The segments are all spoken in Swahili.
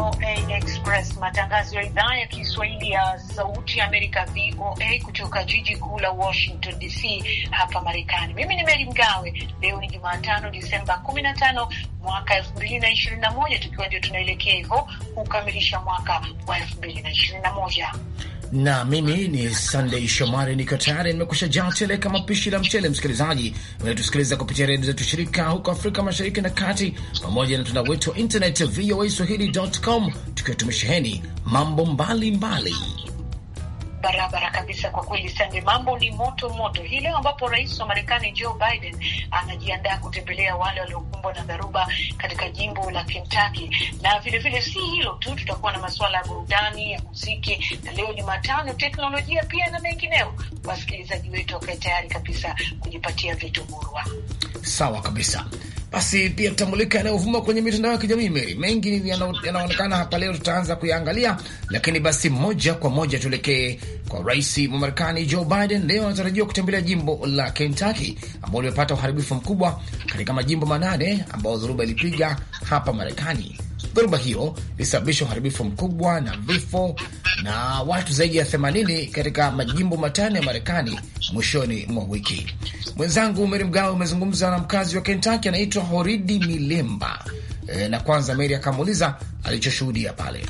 VOA Express, matangazo ya idhaa ya Kiswahili ya Sauti ya Amerika, VOA, kutoka jiji kuu la Washington DC, hapa Marekani. Mimi ni Meri Mgawe. Leo ni Jumatano, Disemba 15 mwaka 2021, tukiwa ndio tunaelekea hivyo kukamilisha mwaka wa 2021 na mimi ni Sunday Shomari, niko tayari, nimekusha jaa tele kama pishi la mchele. Msikilizaji unayetusikiliza kupitia redio zetu shirika huko Afrika Mashariki na Kati, pamoja na mtandao wetu wa internet voa swahili.com, tukiwa tumesheheni mambo mbalimbali mbali barabara kabisa. Kwa kweli, Sande, mambo ni moto moto hii leo, ambapo rais wa Marekani Joe Biden anajiandaa kutembelea wale waliokumbwa na dharuba katika jimbo la Kentucky. Na vilevile si hilo tu, tutakuwa na masuala ya burudani ya muziki, na leo Jumatano teknolojia pia na mengineo. Wasikilizaji wetu wakae tayari kabisa kujipatia vitu murwa. Sawa kabisa. Basi pia tutamulika yanayovuma kwenye mitandao ya kijamii meri mengi yanaonekana hapa leo, tutaanza kuyaangalia, lakini basi moja kwa moja tuelekee kwa rais wa Marekani Joe Biden. Leo anatarajiwa kutembelea jimbo la Kentucky ambao limepata uharibifu mkubwa katika majimbo manane ambayo dhoruba ilipiga hapa Marekani. Dhoruba hiyo ilisababisha uharibifu mkubwa na vifo na watu zaidi ya 80 katika majimbo matano ya Marekani mwishoni mwa wiki. Mwenzangu Meri Mgawe amezungumza na mkazi wa Kentaki anaitwa Horidi Milemba e, na kwanza Meri akamuuliza alichoshuhudia pale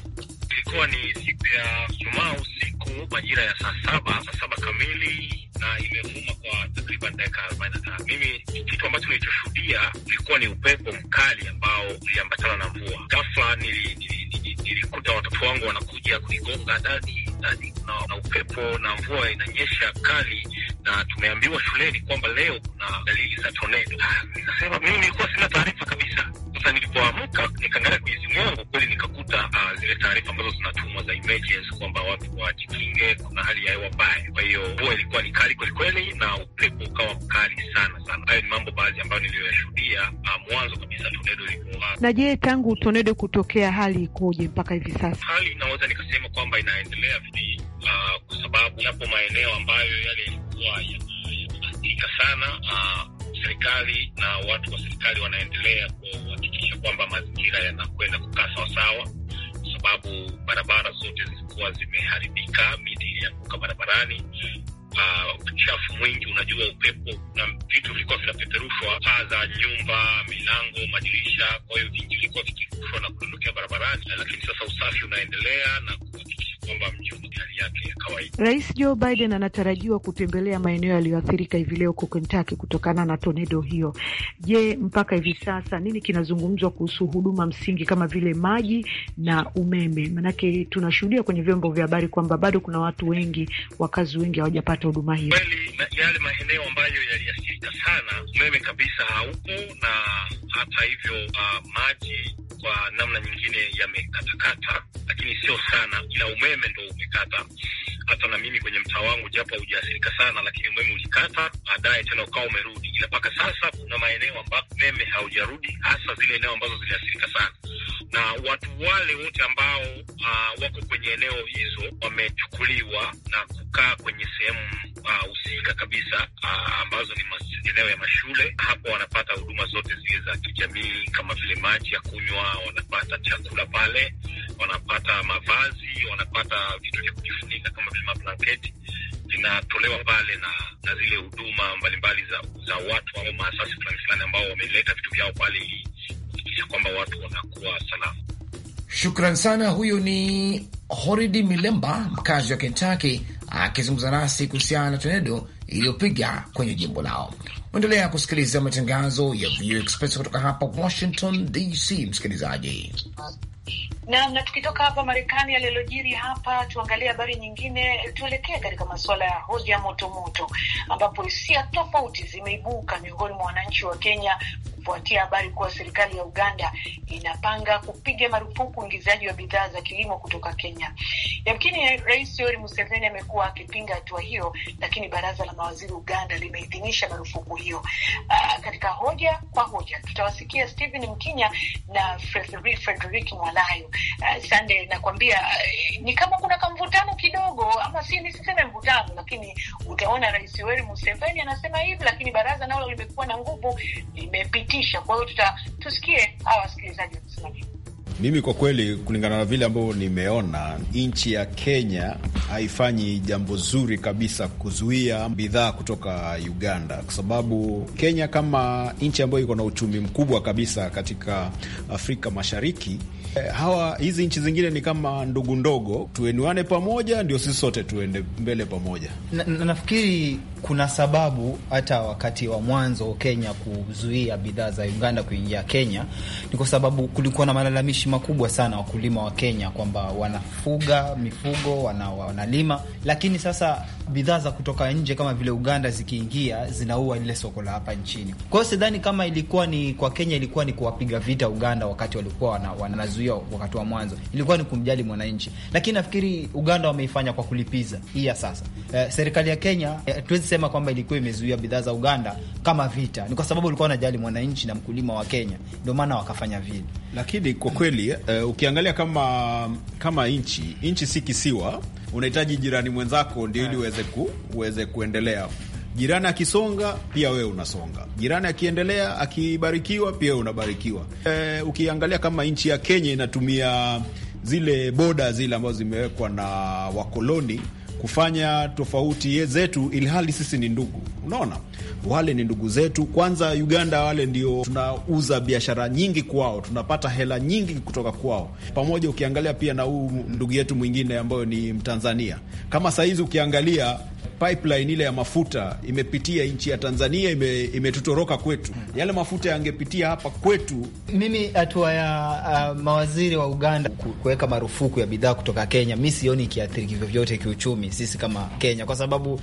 ilikuwa ni siku ya Jumaa usiku majira ya saa saba saa saba kamili na imevuma kwa takriban dakika arobaini na tano. Mimi kitu ambacho nilichoshuhudia ilikuwa ni upepo mkali ambao uliambatana na mvua. Ghafla nilikuta watoto wangu wanakuja kunigonga, dadi dadi, na, na upepo na mvua inanyesha kali, na tumeambiwa shuleni kwamba leo kuna dalili za tornado. Ah, Nasema mimi nilikuwa sina taarifa kabisa sasa nilipoamka nikaangalia kwenye simu yangu, kweli nikakuta uh, zile taarifa ambazo zinatumwa za emergency kwamba watu wajikinge, kuna hali ya hewa mbaya. Kwa hiyo mvua ilikuwa ni kali kwelikweli na upepo ukawa mkali sana sana. Hayo ni mambo baadhi ambayo niliyoyashuhudia uh, mwanzo kabisa tornado ilikuwa. Na je, tangu tornado kutokea hali ikoje mpaka hivi sasa? Hali inaweza nikasema kwamba inaendelea vii, uh, kwa sababu yapo maeneo ambayo yale yalikuwa yanasikika sana uh, serikali na watu wa serikali wanaendelea kuhakikisha kwamba mazingira yanakwenda kukaa sawasawa, kwa sababu barabara zote zilikuwa zimeharibika, miti ilianguka barabarani. Uh, uchafu mwingi, unajua upepo na vitu vilikuwa vinapeperushwa, paa za nyumba, milango, madirisha, kwa hiyo vingi vilikuwa vikirushwa na kudondokea barabarani, lakini sasa usafi unaendelea na kwamba mji hali yake ya kawaida. Rais Joe Biden anatarajiwa kutembelea maeneo yaliyoathirika hivi leo huko Kentucky kutokana na tornado hiyo. Je, mpaka hivi sasa nini kinazungumzwa kuhusu huduma msingi kama vile maji na umeme? Manake tunashuhudia kwenye vyombo vya habari kwamba bado kuna watu wengi, wakazi wengi hawajapata huduma hiyo. yale maeneo ambayo yali shida sana, umeme kabisa hauko, na hata hivyo uh, maji kwa namna nyingine yamekatakata, lakini sio sana, ila umeme ndo umekata. Hata na mimi kwenye mtaa wangu, japo haujaathirika sana, lakini umeme ulikata, baadaye tena ukawa umerudi, ila mpaka sasa kuna maeneo ambapo umeme haujarudi, hasa zile eneo ambazo ziliathirika sana, na watu wale wote ambao uh, wako kwenye eneo hizo wamechukuliwa na kukaa kwenye sehemu Ah, husika uh, kabisa uh, ambazo ni maeneo ya mashule. Hapo wanapata huduma zote zile za kijamii kama vile maji ya kunywa, wanapata chakula pale, wanapata mavazi, wanapata vitu vya kujifunika kama vile mablanketi vinatolewa pale na, na zile huduma mbalimbali za, za watu au maasasi fulani fulani ambao wameleta vitu vyao pale ili kuhakikisha kwamba watu wanakuwa salama. Shukran sana. Huyu ni Horidi Milemba, mkazi wa Kentaki, akizungumza nasi kuhusiana na tornado iliyopiga kwenye jimbo lao. Endelea kusikiliza matangazo ya VOA Express kutoka hapa Washington DC, msikilizaji nam. Na tukitoka hapa Marekani, yaliyojiri hapa, tuangalie habari nyingine, tuelekee katika masuala ya hoja motomoto, ambapo hisia tofauti zimeibuka miongoni mwa wananchi wa Kenya kufuatia habari kuwa serikali ya Uganda inapanga kupiga marufuku uingizaji wa bidhaa za kilimo kutoka Kenya. Yamkini Rais Yoweri Museveni amekuwa akipinga hatua hiyo, lakini baraza la mawaziri Uganda limeidhinisha marufuku hiyo. Uh, katika hoja kwa hoja tutawasikia Stephen Mkinya na Frederick Mwalayo. Uh, Sande, nakwambia uh, ni kama kuna kamvutano kidogo, ama si nisiseme mvutano, lakini utaona Rais Yoweri Museveni anasema hivi, lakini baraza nalo limekuwa na nguvu, limepitia kutisha. Kwa hiyo tuta tusikie hawa wasikilizaji wakisema nini. Mimi kwa kweli, kulingana na vile ambavyo nimeona, nchi ya Kenya haifanyi jambo zuri kabisa kuzuia bidhaa kutoka Uganda, kwa sababu Kenya kama nchi ambayo iko na uchumi mkubwa kabisa katika Afrika Mashariki, eh, hawa hizi nchi zingine ni kama ndugu ndogo, tuenuane pamoja, ndio sisi sote tuende mbele pamoja. Na, na, nafikiri kuna sababu hata wakati wa mwanzo Kenya kuzuia bidhaa za Uganda kuingia Kenya ni kwa sababu kulikuwa na malalamishi makubwa sana wakulima wa Kenya kwamba wanafuga mifugo wana, wanalima, lakini sasa bidhaa za kutoka nje kama vile Uganda zikiingia zinaua lile soko la hapa nchini. Kwa hiyo sidhani kama ilikuwa ni kwa Kenya, ilikuwa ni kuwapiga vita Uganda wakati walikuwa wana, wanazuia wakati wa mwanzo, ilikuwa ni kumjali mwananchi, lakini nafikiri Uganda wameifanya kwa kulipiza hii ya sasa. Eh, serikali ya Kenya eh, kusema kwamba ilikuwa imezuia bidhaa za Uganda kama vita, ni kwa sababu ulikuwa unajali mwananchi na mkulima wa Kenya, ndio maana wakafanya vile. Lakini kwa kweli uh, ukiangalia kama kama nchi nchi si kisiwa, unahitaji jirani mwenzako ndio ili eh. uweze ku, uweze kuendelea. Jirani akisonga pia wewe unasonga, jirani akiendelea akibarikiwa pia wewe unabarikiwa. Uh, ukiangalia kama nchi ya Kenya inatumia zile boda zile ambazo zimewekwa na wakoloni kufanya tofauti zetu, ili hali sisi ni ndugu. Unaona, wale ni ndugu zetu. Kwanza Uganda, wale ndio tunauza biashara nyingi kwao, tunapata hela nyingi kutoka kwao, pamoja ukiangalia pia na huu ndugu yetu mwingine ambayo ni Mtanzania. Kama sahizi ukiangalia pipeline ile ya mafuta imepitia nchi ya Tanzania, imetutoroka ime, imetutoroka kwetu. Yale mafuta yangepitia hapa kwetu. Mimi hatua ya uh, mawaziri wa Uganda kuweka marufuku ya bidhaa kutoka Kenya, mi sioni ikiathiri kivyovyote kiuchumi sisi kama Kenya, kwa sababu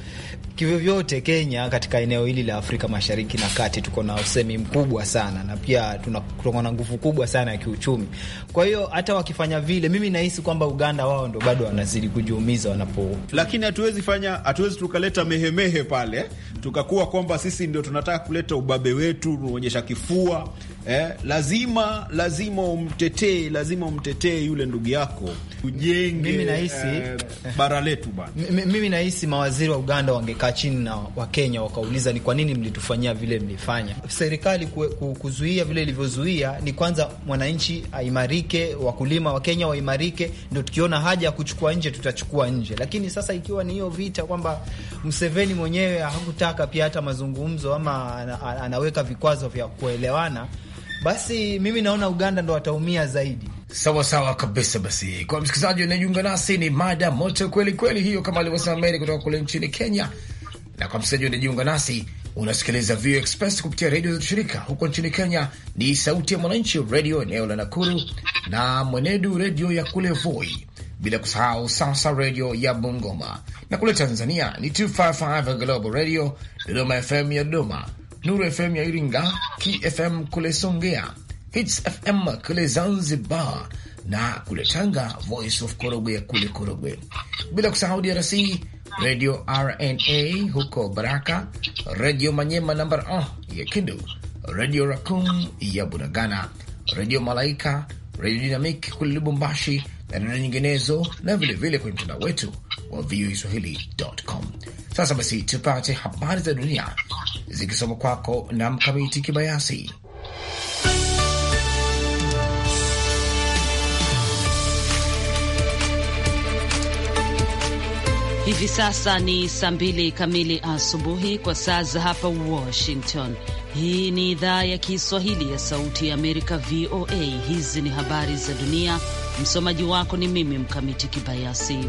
kivyovyote Kenya katika eneo hili la Afrika Mashariki na Kati tuko na usemi mkubwa sana na pia tuko na nguvu kubwa sana ya kiuchumi. Kwa hiyo hata wakifanya vile, mimi nahisi kwamba Uganda wao ndo bado wanazidi kujiumiza wanapo, lakini hatuwezi fanya hatuwezi tukaleta mehemehe pale, tukakuwa kwamba sisi ndio tunataka kuleta ubabe wetu, tunaonyesha kifua eh, lazima lazima umtetee, lazima umtetee yule ndugu yako, ujenge mimi nahisi eh, bara letu bana. Mimi nahisi mawaziri wa Uganda wangekaa chini na Wakenya wakauliza ni kwa nini mlitufanyia vile mlifanya. Serikali kuzuia vile ilivyozuia ni kwanza mwananchi aimarike, wakulima Wakenya waimarike, ndio tukiona haja ya kuchukua nje tutachukua nje. Lakini sasa ikiwa ni hiyo vita kwamba Museveni mwenyewe hakutaka pia hata mazungumzo ama anaweka vikwazo vya kuelewana basi mimi naona Uganda ndo wataumia zaidi. Sawa sawa kabisa. Basi kwa msikilizaji unajiunga nasi, ni mada moto kweli kweli hiyo, kama alivyosema Meri kutoka kule nchini Kenya. Na kwa msikilizaji unajiunga nasi, unasikiliza VOA Express kupitia redio za shirika huko nchini Kenya ni Sauti ya Mwananchi redio eneo la Nakuru na Mwenedu redio ya kule Voi, bila kusahau Sasa redio ya Bungoma, na kule Tanzania ni 255 Global Radio, Dodoma FM ya Dodoma, Nuru FM ya Iringa, KFM kule Songea, Hits FM kule Zanzibar na kule Tanga, Voice of Korogwe kule Korogwe, bila kusahau DRC Radio RNA huko Baraka, Radio Manyema namba ya Kindu, Radio Rakum ya Bunagana, Radio Malaika, Radio Dynamic kule Lubumbashi na redio nyinginezo, na vilevile kwenye mtandao wetu wa voaswahili.com. Sasa basi tupate habari za dunia zikisoma kwako na Mkamiti Kibayasi. Hivi sasa ni saa mbili kamili asubuhi kwa saa za hapa Washington. Hii ni idhaa ya Kiswahili ya Sauti ya Amerika, VOA. Hizi ni habari za dunia. Msomaji wako ni mimi Mkamiti Kibayasi.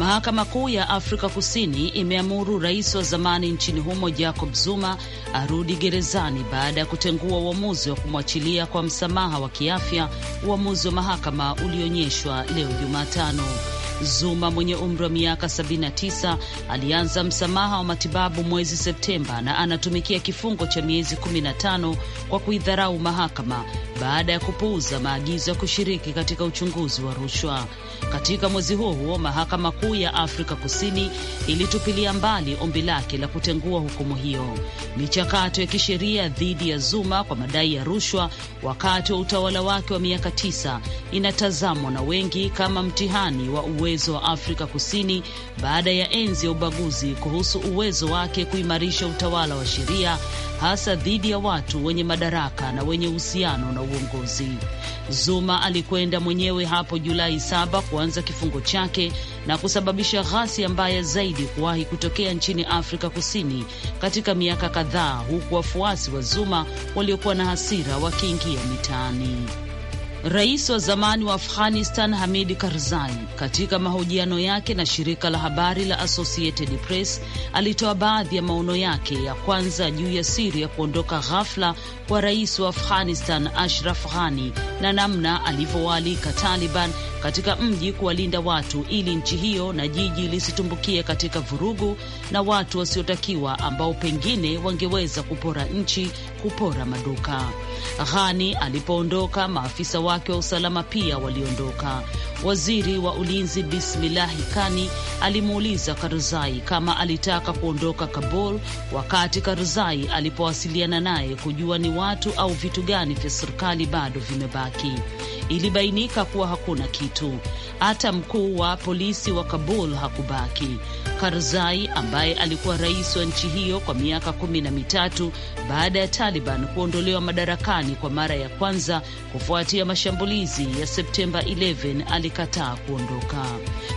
Mahakama Kuu ya Afrika Kusini imeamuru rais wa zamani nchini humo Jacob Zuma arudi gerezani baada ya kutengua uamuzi wa kumwachilia kwa msamaha wa kiafya, uamuzi wa mahakama ulionyeshwa leo Jumatano. Zuma mwenye umri wa miaka 79 alianza msamaha wa matibabu mwezi Septemba na anatumikia kifungo cha miezi 15 kwa kuidharau mahakama baada ya kupuuza maagizo ya kushiriki katika uchunguzi wa rushwa. Katika mwezi huo huo, mahakama kuu ya Afrika Kusini ilitupilia mbali ombi lake la kutengua hukumu hiyo. Michakato ya kisheria dhidi ya Zuma kwa madai ya rushwa wakati wa utawala wake wa miaka tisa inatazamwa na wengi kama mtihani wa uwezo wa Afrika Kusini baada ya enzi ya ubaguzi kuhusu uwezo wake kuimarisha utawala wa sheria hasa dhidi ya watu wenye madaraka na wenye uhusiano na uongozi. Zuma alikwenda mwenyewe hapo Julai saba kuanza kifungo chake na kusababisha ghasia mbaya zaidi kuwahi kutokea nchini Afrika Kusini katika miaka kadhaa, huku wafuasi wa Zuma waliokuwa na hasira wakiingia mitaani. Rais wa zamani wa Afghanistan Hamid Karzai, katika mahojiano yake na shirika la habari la Associated Press, alitoa baadhi ya maono yake ya kwanza juu ya siri ya kuondoka ghafla kwa rais wa Afghanistan Ashraf Ghani na namna alivyowaalika Taliban katika mji kuwalinda watu ili nchi hiyo na jiji lisitumbukie katika vurugu na watu wasiotakiwa ambao pengine wangeweza kupora nchi, kupora maduka. Ghani alipoondoka, maafisa wake wa usalama pia waliondoka. Waziri wa ulinzi Bismillahi Kani alimuuliza Karzai kama alitaka kuondoka Kabul wakati Karzai alipowasiliana naye kujua ni watu au vitu gani vya serikali bado vimebaki ilibainika kuwa hakuna kitu. Hata mkuu wa polisi wa Kabul hakubaki. Karzai ambaye alikuwa rais wa nchi hiyo kwa miaka kumi na mitatu baada ya Taliban kuondolewa madarakani kwa mara ya kwanza kufuatia mashambulizi ya Septemba 11 alikataa kuondoka.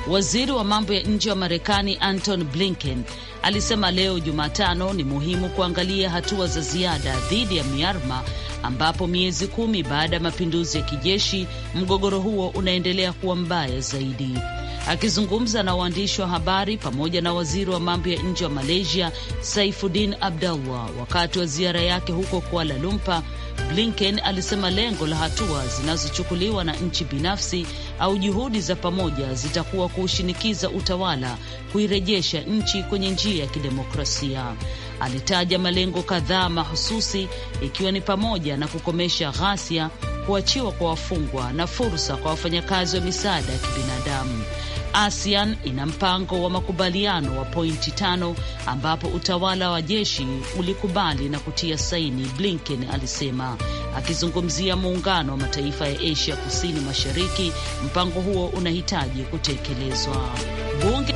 Waziri wa mambo ya nje wa Marekani Anton Blinken alisema leo Jumatano ni muhimu kuangalia hatua za ziada dhidi ya Myanmar ambapo miezi kumi baada ya mapinduzi ya kijeshi mgogoro huo unaendelea kuwa mbaya zaidi. Akizungumza na waandishi wa habari pamoja na waziri wa mambo ya nje wa Malaysia Saifuddin Abdullah wakati wa ziara yake huko Kuala Lumpur, Blinken alisema lengo la hatua zinazochukuliwa na nchi binafsi au juhudi za pamoja zitakuwa kuushinikiza utawala kuirejesha nchi kwenye njia ya kidemokrasia alitaja malengo kadhaa mahususi ikiwa ni pamoja na kukomesha ghasia, kuachiwa kwa wafungwa na fursa kwa wafanyakazi wa misaada ya kibinadamu. ASEAN ina mpango wa makubaliano wa pointi tano ambapo utawala wa jeshi ulikubali na kutia saini, Blinken alisema akizungumzia muungano wa mataifa ya Asia Kusini Mashariki. Mpango huo unahitaji kutekelezwa. Bunge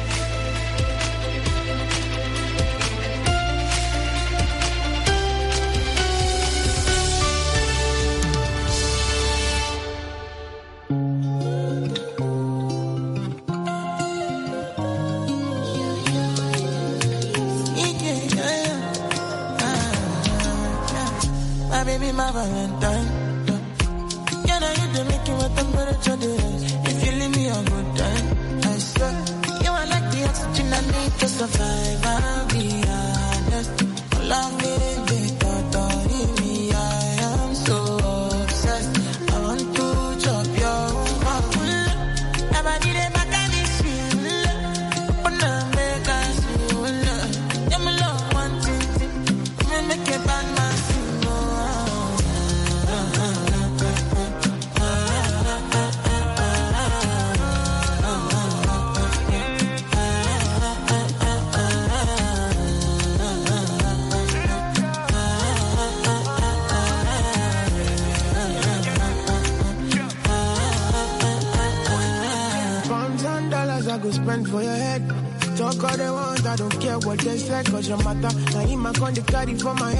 daddy for my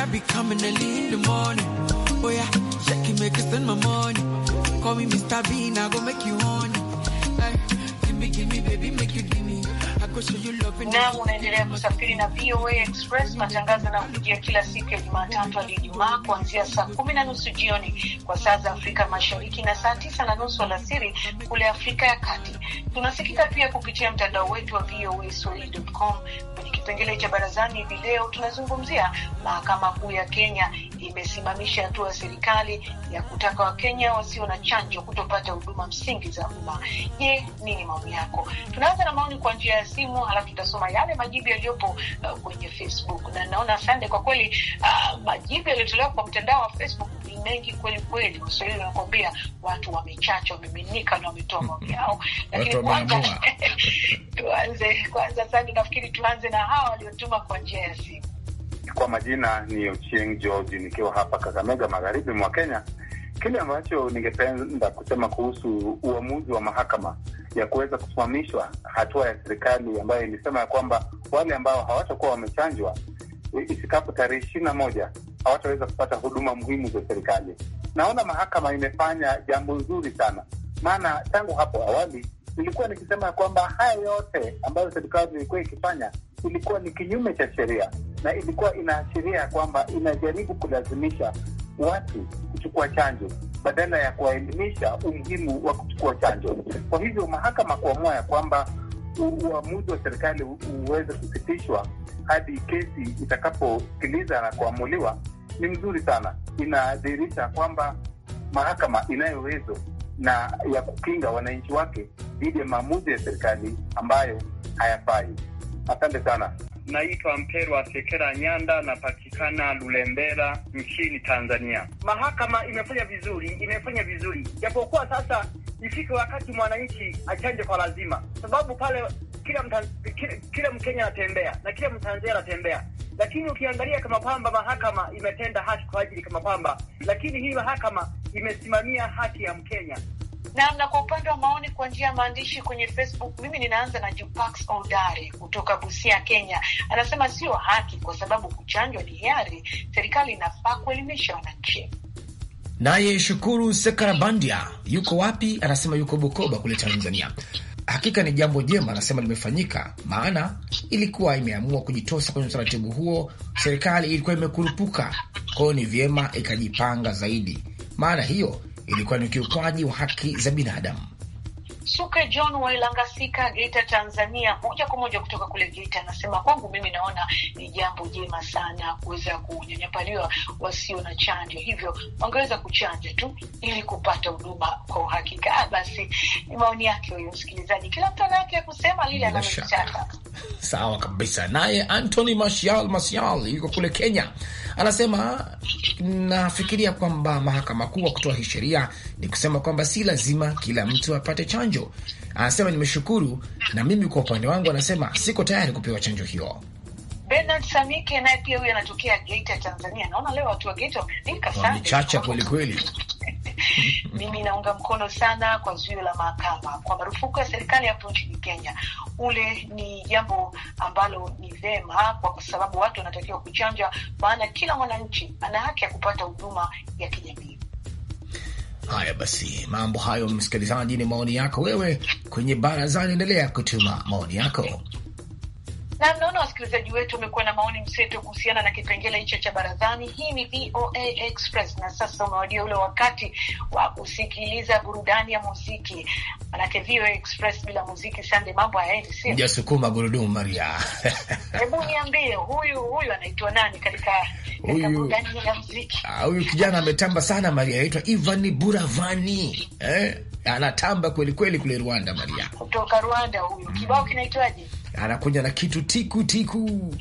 I be coming early in the morning. Oh yeah, shake it, make spend my money. Call me Mr. Bean, I go make you honey. Hey, unaendelea kusafiri na VOA Express, matangazo na kila siku ya Jumatatu hadi Ijumaa kuanzia saa kumi na nusu jioni kwa saa za Afrika Mashariki na saa tisa na nusu alasiri kule Afrika ya Kati. Tunasikika pia kupitia mtandao wetu wa VOA Swahili.com. Kwenye kipengele cha barazani hivi leo tunazungumzia mahakama kuu ya Kenya imesimamisha hatua ya serikali ya kutaka Wakenya wasio na chanjo kutopata huduma msingi za umma. Je, nini maoni yako? Tunaanza na maoni kwa njia ya simu, halafu tutasoma yale majibu yaliyopo uh, kwenye Facebook na naona, asante kwa kweli uh, majibu yaliyo yanayotolewa kwa mtandao wa Facebook ni mengi kweli kweli. Waswahili nakwambia, watu wamechacha, wameminika na wametoa maoni mhm. yao, lakini kwanza tuanze kwanza, sasa nafikiri tuanze na hawa waliotuma kwa njia ya simu. Kwa majina ni Ochieng George, nikiwa hapa Kakamega, magharibi mwa Kenya. Kile ambacho ningependa kusema kuhusu uamuzi wa mahakama ya kuweza kusimamishwa hatua ya serikali ambayo ilisema ya kwamba wale ambao hawatakuwa wamechanjwa ifikapo tarehe ishirini na moja hawataweza kupata huduma muhimu za serikali. Naona mahakama imefanya jambo nzuri sana, maana tangu hapo awali nilikuwa nikisema ya kwamba haya yote ambayo serikali ilikuwa ikifanya ilikuwa ni kinyume cha sheria, na ilikuwa inaashiria kwamba inajaribu kulazimisha watu kuchukua chanjo badala ya kuwaelimisha umuhimu wa kuchukua chanjo. Kwa hivyo mahakama kuamua ya kwamba uamuzi wa serikali uweze kusitishwa hadi kesi itakaposikiliza na kuamuliwa ni mzuri sana. Inadhihirisha kwamba mahakama inayo uwezo na ya kukinga wananchi wake dhidi ya maamuzi ya serikali ambayo hayafai. Asante sana. Naitwa Mperwa Sekera Nyanda, napatikana Lulembera nchini Tanzania. Mahakama imefanya vizuri, imefanya vizuri japokuwa sasa ifike wakati mwananchi achanje kwa lazima, sababu pale kila mta, kila, kila Mkenya anatembea na kila Mtanzania anatembea. Lakini ukiangalia kama kwamba mahakama imetenda haki kwa ajili kama kwamba, lakini hii mahakama imesimamia haki ya Mkenya namna kwa upande wa maoni kwa njia ya maandishi kwenye Facebook, mimi ninaanza na Jupax Odare kutoka Busia, Kenya. Anasema sio haki kwa sababu kuchanjwa ni hiari, serikali inafaa kuelimisha wananchi. Naye Shukuru Sekarabandia yuko wapi? Anasema yuko Bukoba kule Tanzania. Hakika ni jambo jema, anasema limefanyika, maana ilikuwa imeamua kujitosa kwenye utaratibu huo. Serikali ilikuwa imekurupuka, kwa ni vyema ikajipanga zaidi, maana hiyo ilikuwa ni ukiukwaji wa haki za binadamu. Msuke John Wailangasika, Geita, Tanzania, moja kwa moja kutoka kule Geita, anasema kwangu mimi naona ni jambo jema sana kuweza kunyanyapaliwa wasio na chanjo, hivyo wangeweza kuchanja tu ili kupata huduma kwa uhakika. Ah, basi ni maoni yake huyo msikilizaji, kila mtu anayake ya kusema lile analotaka. Sawa kabisa. Naye Anthony Mashal Masial yuko kule Kenya, anasema nafikiria kwamba mahakama kuu wa kutoa hii sheria ni kusema kwamba si lazima kila mtu apate chanjo chanjo. Anasema nimeshukuru, na mimi kwa upande wangu anasema siko tayari kupewa chanjo hiyo. Bernard Samike naye pia huyu anatokea Geita, Tanzania. Naona leo watu wa Geita wameandika sana, chacha kwelikweli. Mimi naunga mkono sana kwa zuio la mahakama kwa marufuku ya serikali hapo nchini Kenya. Ule ni jambo ambalo ni vema, kwa sababu watu wanatakiwa kuchanja, maana kila mwananchi ana haki ya kupata huduma ya kijamii. Haya basi, mambo hayo msikilizaji, ni maoni yako wewe kwenye barazani. Endelea kutuma maoni yako na mnaona, wasikilizaji wetu wamekuwa na maoni mseto kuhusiana na kipengele hicho cha barazani. Hii ni VOA Express, na sasa umewadia ule wakati wa kusikiliza burudani ya muziki, manake VOA Express bila muziki, sande, mambo hayaendi, sio? Jasukuma gurudumu, Maria. Hebu niambie, huyu huyu anaitwa nani katika katika burudani ah, Huyu kijana ametamba sana, Maria, aitwa Ivan Buravani, eh? Anatamba kwelikweli kweli kule Rwanda, Maria, kutoka Rwanda huyu. Kibao mm. kinaitwaje? anakuja na kitu tiku tiku.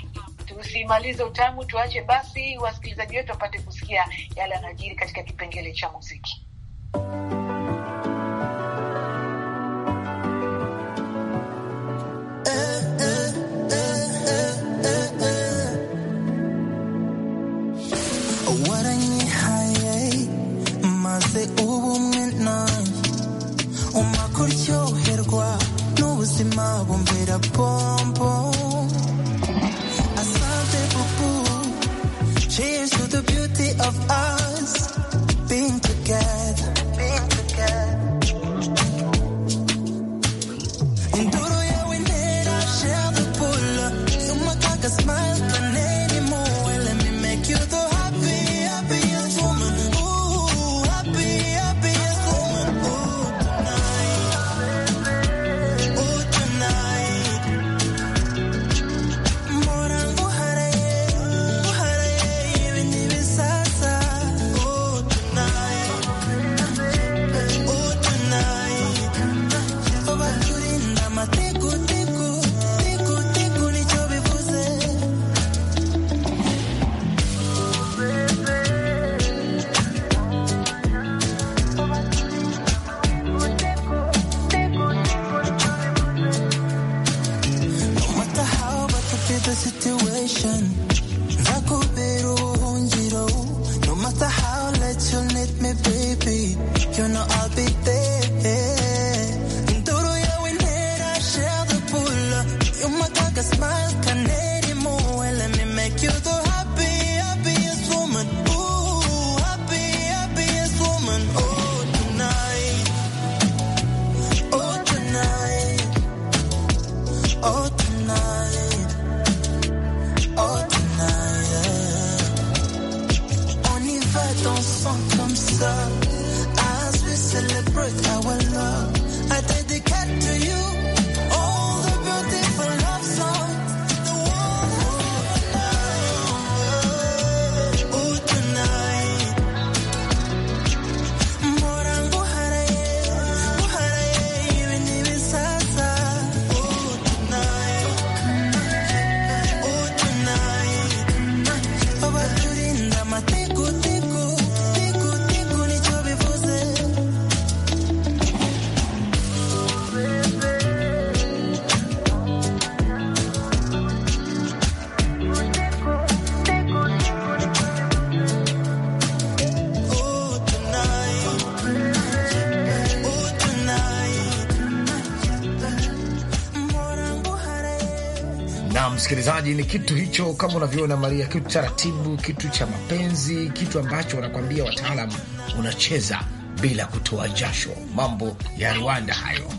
Tusimalize utamu, tuache basi wasikilizaji wetu wapate kusikia yale yanajiri katika kipengele cha muziki. Oh. msikilizaji, ni kitu hicho, kama unavyoona Maria, kitu taratibu, kitu cha mapenzi, kitu ambacho wanakuambia wataalam, unacheza bila kutoa jasho. Mambo ya Rwanda hayo.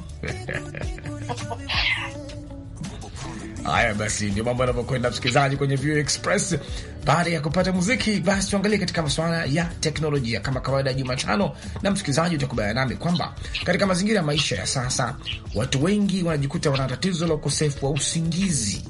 Haya basi, ndio mambo yanavyokwenda, msikilizaji, kwenye View Express. Baada ya kupata muziki, basi tuangalie katika masuala ya teknolojia kama kawaida ya Jumatano. Na msikilizaji, utakubaliana nami kwamba katika mazingira ya maisha ya sasa, watu wengi wanajikuta wana tatizo la ukosefu wa usingizi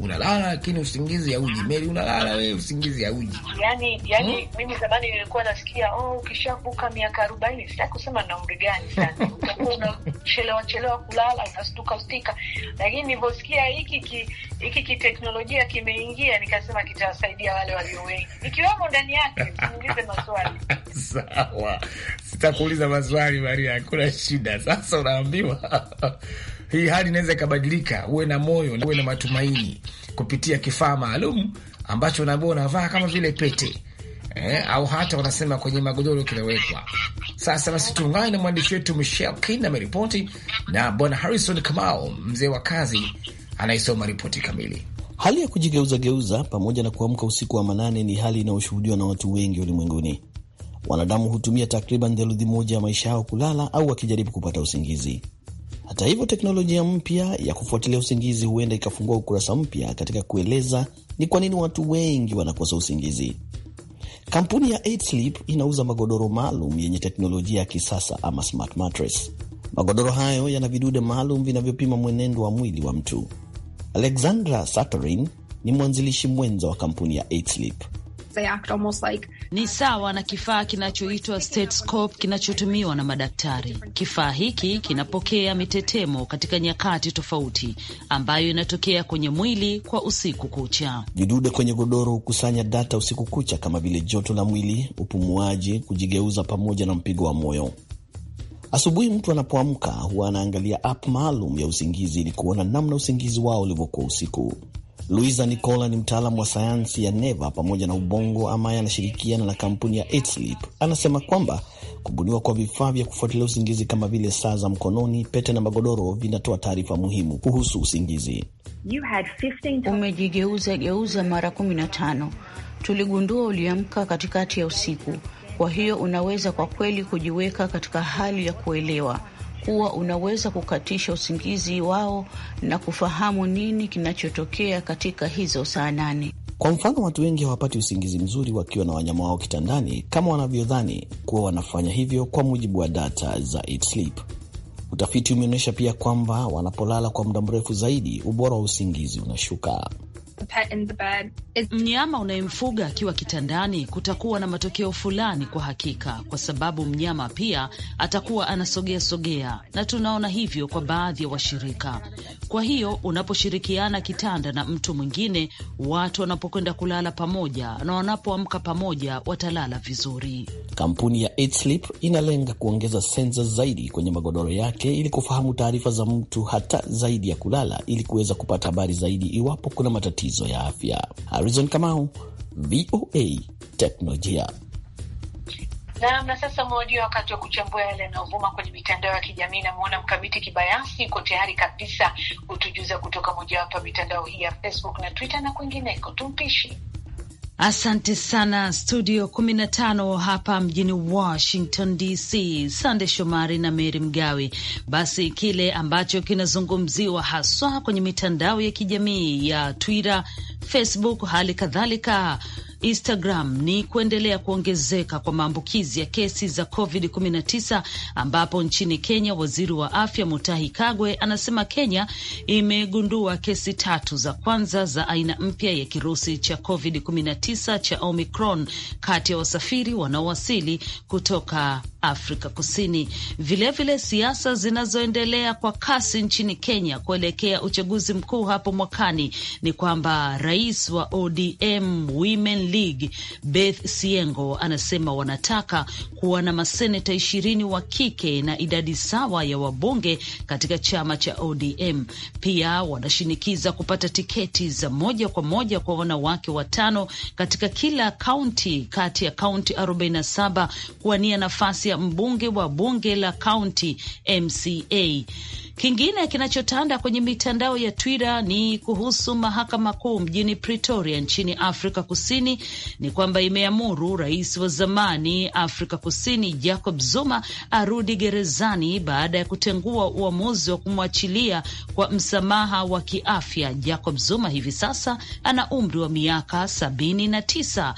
unalala lakini usingizi hauji. Meli, unalala wewe usingizi hauji. Yani, yani hmm? Mimi zamani nilikuwa nasikia oh, ukishavuka miaka arobaini, sitaki kusema na umri gani sana, utakuwa unachelewa chelewa kulala, utastuka stika. lakini nilivyosikia hiki ki, hiki kiteknolojia kimeingia, nikasema kitawasaidia wale walio wengi, nikiwemo ndani yake. Niulize maswali sawa, sitakuuliza maswali Maria, hakuna shida. Sasa unaambiwa hii hali inaweza ikabadilika. Uwe na moyo, uwe na matumaini kupitia kifaa maalum ambacho unaambia unavaa kama vile pete eh, au hata wanasema kwenye magodoro kinawekwa. Sasa basi, tuungane na mwandishi wetu Michel Kin ameripoti na bwana Harrison Kamao, mzee wa kazi, anayesoma ripoti kamili. Hali ya kujigeuzageuza pamoja na kuamka usiku wa manane ni hali inayoshuhudiwa na watu wengi ulimwenguni. Wanadamu hutumia takriban theluthi moja ya maisha yao kulala au wakijaribu kupata usingizi. Hata hivyo, teknolojia mpya ya kufuatilia usingizi huenda ikafungua ukurasa mpya katika kueleza ni kwa nini watu wengi wanakosa usingizi. Kampuni ya 8sleep inauza magodoro maalum yenye teknolojia ya kisasa ama smart mattress. Magodoro hayo yana vidude maalum vinavyopima mwenendo wa mwili wa mtu. Alexandra Satorin ni mwanzilishi mwenza wa kampuni ya 8sleep they act almost like... ni sawa na kifaa kinachoitwa stethoscope kinachotumiwa na madaktari. Kifaa hiki kinapokea mitetemo katika nyakati tofauti ambayo inatokea kwenye mwili kwa usiku kucha. Vidude kwenye godoro hukusanya data usiku kucha kama vile joto la mwili, upumuaji, kujigeuza, pamoja na mpigo wa moyo. Asubuhi mtu anapoamka huwa anaangalia app maalum ya usingizi ili kuona namna usingizi wao ulivyokuwa usiku. Luisa Nicola ni mtaalamu wa sayansi ya neva pamoja na ubongo ambaye anashirikiana na kampuni ya Edsleep. Anasema kwamba kubuniwa kwa vifaa vya kufuatilia usingizi kama vile saa za mkononi, pete na magodoro vinatoa taarifa muhimu kuhusu usingizi. Umejigeuza geuza mara kumi na tano. Tuligundua uliamka katikati ya usiku, kwa hiyo unaweza kwa kweli kujiweka katika hali ya kuelewa kuwa unaweza kukatisha usingizi wao na kufahamu nini kinachotokea katika hizo saa nane. Kwa mfano, watu wengi hawapati usingizi mzuri wakiwa na wanyama wao kitandani kama wanavyodhani kuwa wanafanya hivyo, kwa mujibu wa data za Eat Sleep. Utafiti umeonyesha pia kwamba wanapolala kwa muda mrefu zaidi, ubora wa usingizi unashuka the pet in the bed mnyama unayemfuga akiwa kitandani, kutakuwa na matokeo fulani kwa hakika, kwa sababu mnyama pia atakuwa anasogea sogea, na tunaona hivyo kwa baadhi ya wa washirika. Kwa hiyo unaposhirikiana kitanda na mtu mwingine, watu wanapokwenda kulala pamoja na wanapoamka pamoja, watalala vizuri. Kampuni ya 8sleep inalenga kuongeza sensa zaidi kwenye magodoro yake ili kufahamu taarifa za mtu hata zaidi ya kulala, ili kuweza kupata habari zaidi iwapo kuna matatizo matatizo ya afya. Harrison Kamau, VOA Teknolojia. Naam, na sasa mwadia wakati wa kuchambua yale yanayovuma kwenye mitandao ya kijamii. Namwona Mkamiti Kibayasi uko tayari kabisa kutujuza kutoka mojawapo ya mitandao hii ya Facebook na Twitter na kwingineko. Tumpishi. Asante sana studio 15 hapa mjini Washington DC, Sande Shomari na Meri Mgawe. Basi kile ambacho kinazungumziwa haswa kwenye mitandao ya kijamii ya Twitter, Facebook hali kadhalika Instagram ni kuendelea kuongezeka kwa maambukizi ya kesi za COVID-19 ambapo nchini Kenya waziri wa afya Mutahi Kagwe anasema Kenya imegundua kesi tatu za kwanza za aina mpya ya kirusi cha COVID-19 cha Omicron kati ya wasafiri wanaowasili kutoka Afrika Kusini. Vilevile, siasa zinazoendelea kwa kasi nchini Kenya kuelekea uchaguzi mkuu hapo mwakani ni kwamba rais wa ODM Women League Beth Siengo anasema wanataka kuwa na maseneta ishirini wa kike na idadi sawa ya wabunge katika chama cha ODM. Pia wanashinikiza kupata tiketi za moja kwa moja kwa wanawake watano katika kila kaunti kati ya kaunti 47 kuwania nafasi ya mbunge wa bunge la kaunti MCA. Kingine kinachotanda kwenye mitandao ya Twitter ni kuhusu mahakama kuu mjini Pretoria nchini Afrika Kusini, ni kwamba imeamuru rais wa zamani Afrika Kusini Jacob Zuma arudi gerezani baada ya kutengua uamuzi wa kumwachilia kwa msamaha wa kiafya. Jacob Zuma hivi sasa ana umri wa miaka sabini na tisa.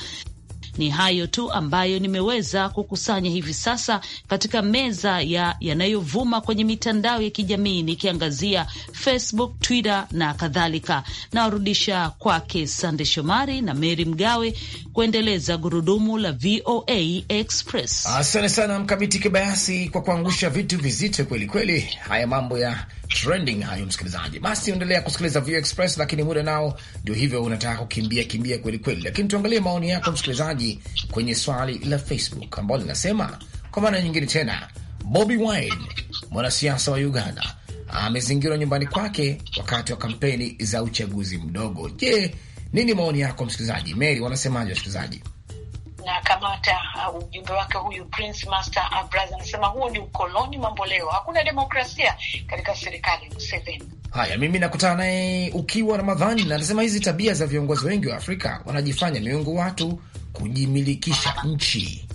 Ni hayo tu ambayo nimeweza kukusanya hivi sasa katika meza ya yanayovuma kwenye mitandao ya kijamii, nikiangazia Facebook, Twitter na kadhalika. Nawarudisha kwake Sande Shomari na Meri Mgawe kuendeleza gurudumu la VOA Express. Asante sana Mkamiti Kibayasi kwa kuangusha vitu vizito kwelikweli. Haya mambo ya trending hayo, msikilizaji. Basi endelea kusikiliza View Express, lakini muda nao ndio hivyo, unataka kukimbia kimbia kweli kweli, lakini tuangalie maoni yako msikilizaji kwenye swali la Facebook ambalo linasema kwa mara nyingine tena, Bobi Wine mwanasiasa wa Uganda amezingirwa nyumbani kwake wakati wa kampeni za uchaguzi mdogo. Je, nini maoni yako msikilizaji? Mary, wanasemaje wasikilizaji? nakamata uh, ujumbe uh, wake huyu Prince Master Abraz anasema huo ni ukoloni mambo leo hakuna demokrasia katika serikali Museveni. Haya, mimi nakutana naye ukiwa Ramadhani na anasema hizi tabia za viongozi wengi wa Afrika wanajifanya miungu watu kujimilikisha nchi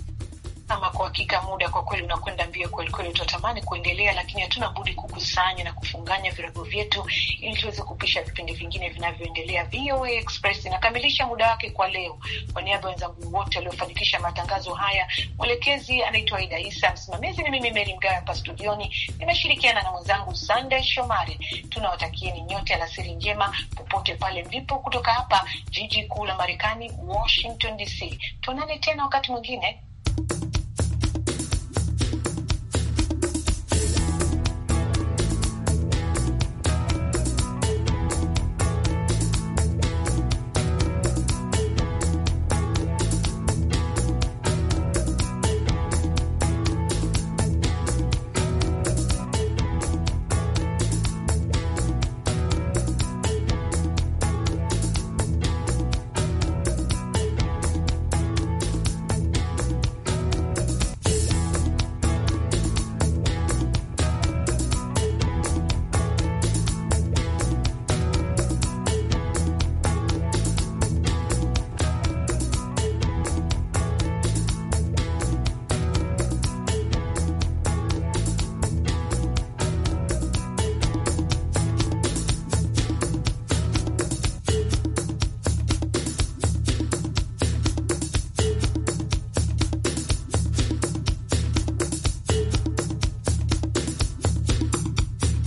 kwa hakika muda kwa kweli unakwenda mbio kwelikweli, tutatamani kuendelea, lakini hatuna budi kukusanya na kufunganya virago vyetu ili tuweze kupisha vipindi vingine vinavyoendelea. VOA Express inakamilisha muda wake kwa leo. Kwa niaba ya wenzangu wote waliofanikisha matangazo haya, mwelekezi anaitwa Aida Isa, msimamizi ni mimi Meri Mgawe hapa studioni, nimeshirikiana na mwenzangu Sandey Shomari. Tunawatakieni nyote alasiri njema popote pale mlipo, kutoka hapa jiji kuu la Marekani, Washington DC. Tuonane tena wakati mwingine.